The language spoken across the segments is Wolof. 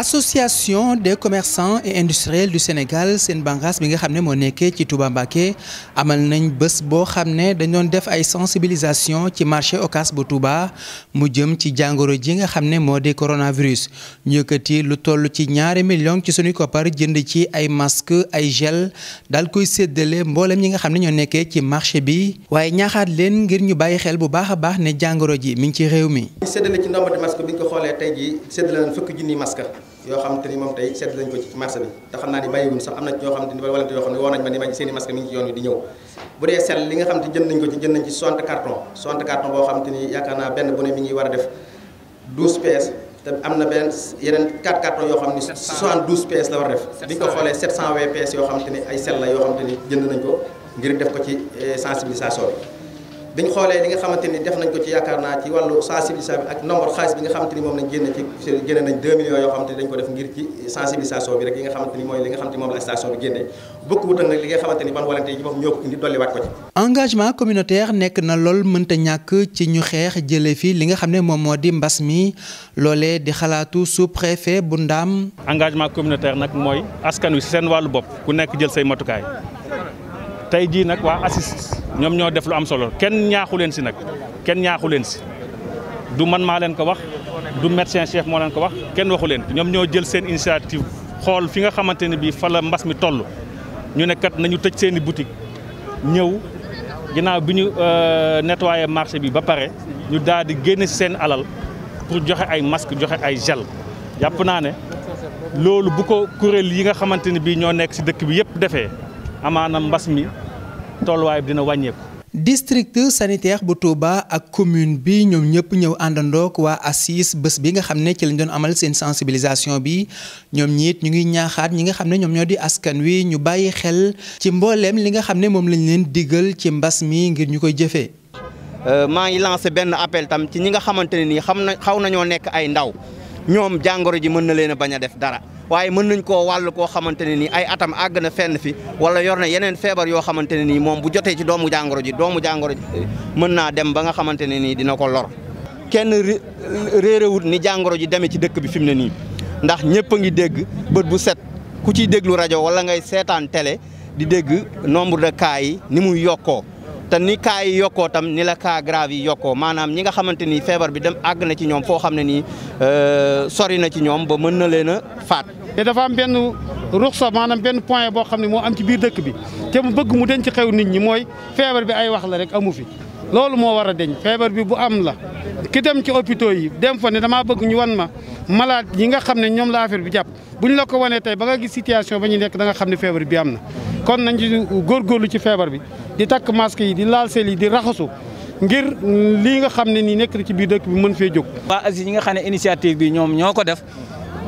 association des commerçants et industriels du Sénégal seen bànqaas bi nga xam ne moo nekkee ci Touba Mbacké amal nañ bés boo xam ne dañ doon def ay sensibilisation ci marché Ocass bu Touba mu jëm ci jàngoro ji nga xam ne moo di coronavirus ñu yëkkati lu toll ci ñaari millions ci suñu koppar jënd ci ay masques ay gel daal koy séddale mboolem ñi nga xam ne ñoo nekkee ci marché bi waaye ñaxaat leen ngir ñu bàyyi xel bu baax a baax ne jàngoro ji mi ngi ci réew mi. yoo xam te ni moom tey seetlu nañ ko ci marché bi te xam naa ni bàyyiwuñ sax am na ñoo xam te ni walante yoo xam ne woo nañ ma ni ma seen i masque boo xam te ni yaakaar naa benn bu ne mi ngi war a def 12 pièces te am na benn yeneen 4 carton yoo xam ni 72 pièces la war a def bi ñu ko xoolee 720 pièces yoo xam te ni ay sel la yoo xam te ni jënd nañ ko ngir def ko ci eh, sensibilisation bi biñ xoolee li nga xamante ni def nañ ko ci yaakaar naa ci wàllu sensibilisation bi ak nombre xaalis bi nga xamante moom lañ génne ci génne nañ 2 millions yoo xamante ni dañ ko def ngir ci sensibilisation bi rek yi nga xamante xamante ni moom la station bi génne bokkuwut ak nag li engagement communautaire nekk na lool mënta ñàkk ci ñu xeex jële fi li nga xam ne moom moo di mbas mi loolee di xalaatu sous préfet bu ndaam engagement communautaire nag mooy askan wi si seen wàllu bopp ku nekk jël say matukaay tey jii nag waa ACIS ñoom ñoo def lu am solo kenn ñaaxu leen si nag kenn ñaaxu leen si du man maa leen ko wax du médecin chef moo leen ko wax kenn waxu leen ñoom ñoo jël seen initiative xool fi nga xamante ne bii fa la mbas mi toll ñu ne kat nañu tëj seen i boutique ñëw ginnaaw bi ñu euh, nettoyé marché bi ba pare ñu daal di génne seen alal pour joxe ay masque joxe ay gel jàpp naa ne loolu bu ko kuréel yi nga xamante ne bii ñoo nekk si dëkk bi yëpp defee amaana mbas mi tolluwaay bi dina wàññeeku. district sanitaire bu Touba ak commune bi ñoom ñëpp ñëw àndandook waa ACIS bés bi nga xam ne ci lañ doon amal seen sensibilisation bi ñoom ñiit ñu ngi ñaaxaat ñi nga xam ne ñoom ñoo di askan wi ñu bàyyi xel ci mbooleem li nga xam ne moom lañ leen digal ci mbas mi ngir ñu koy jëfee. Euh, maa ngi lancé benn appel tam ci ñi nga xamante ne nii xam na xaw nañoo nekk ay ndaw. ñoom jàngoro ji mën na leen a bañ a def dara waaye mën nañ ko wàll koo xamante ne nii ay atam àgg na fenn fi wala yor na yeneen feebar yoo xamante ne nii moom bu jotee ci doomu jàngoro ji doomu jàngoro eh, mën naa dem ba nga xamante ne nii dina ko lor kenn réerewut ni jàngoro ji demee ci dëkk bi fi mu ne nii ndax ñëpp a ngi dégg bët bu set ku ciy déglu rajo wala ngay seetaan tele di dégg nombre de cas yi ni muy yokkoo te ni cas yi ni la cas grave yi yokkoo maanaam ñi nga xamante ni feebar bi dem àgg na ci ñoom foo xam ne nii euh, sori na ci ñoom ba mën na leen a faat. te dafa am benn ruxsa maanaam benn point boo xam ne moo am ci biir dëkk bi te mu bëgg mu denc xew nit ñi mooy feebar bi ay wax la rek amu fi. loolu moo war a deñ feebar bi bu am la ki ci hôpitaux yi dem fa ne damaa bëgg ñu wan ma malade ñi nga xam ne ñoom la affaire bi jàpp bu ñu la ko wanee tey ba nga gis situation ba ñu nekk da nga xam ne feebar bi am na. kon nañ ci góorgóorlu ci feebar bi di takk masque yi di laal sel yi di raxasu ngir lii nga xam ne nii nekk na ci biir dëkk bi mën fee jóg. waa Aziz ñi nga xam ne initiative bi ñoom ñoo ko def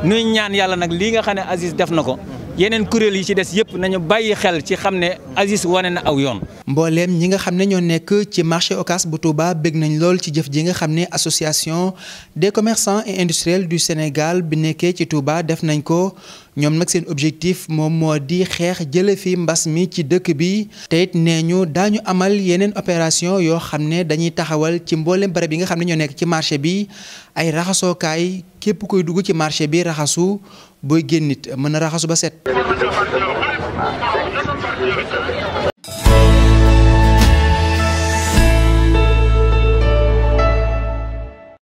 nuy ñaan yàlla nag lii nga xam ne Aziz def na ko yeneen kuréel yi ci des yëpp nañu bàyyi xel ci xam ne Aziz wane na aw yoon. mbooleem ñi nga xam ne ñoo nekk ci marché Ocass bu Touba bég nañ lool ci jëf ji nga xam ne association des commerçants et industriels du Sénégal bi nekkee ci Touba def nañ ko ñoom nag seen objectif moom moo di xeex jële fi mbas mi ci dëkk bi te nee ñu daañu amal yeneen opération yoo xam ne dañuy taxawal ci mbooleem barab yi nga xam ne ñoo nekk ci marché bi ay raxasookaay képp koy dugg ci marché bi raxasu booy génnit mën a raxasu ba set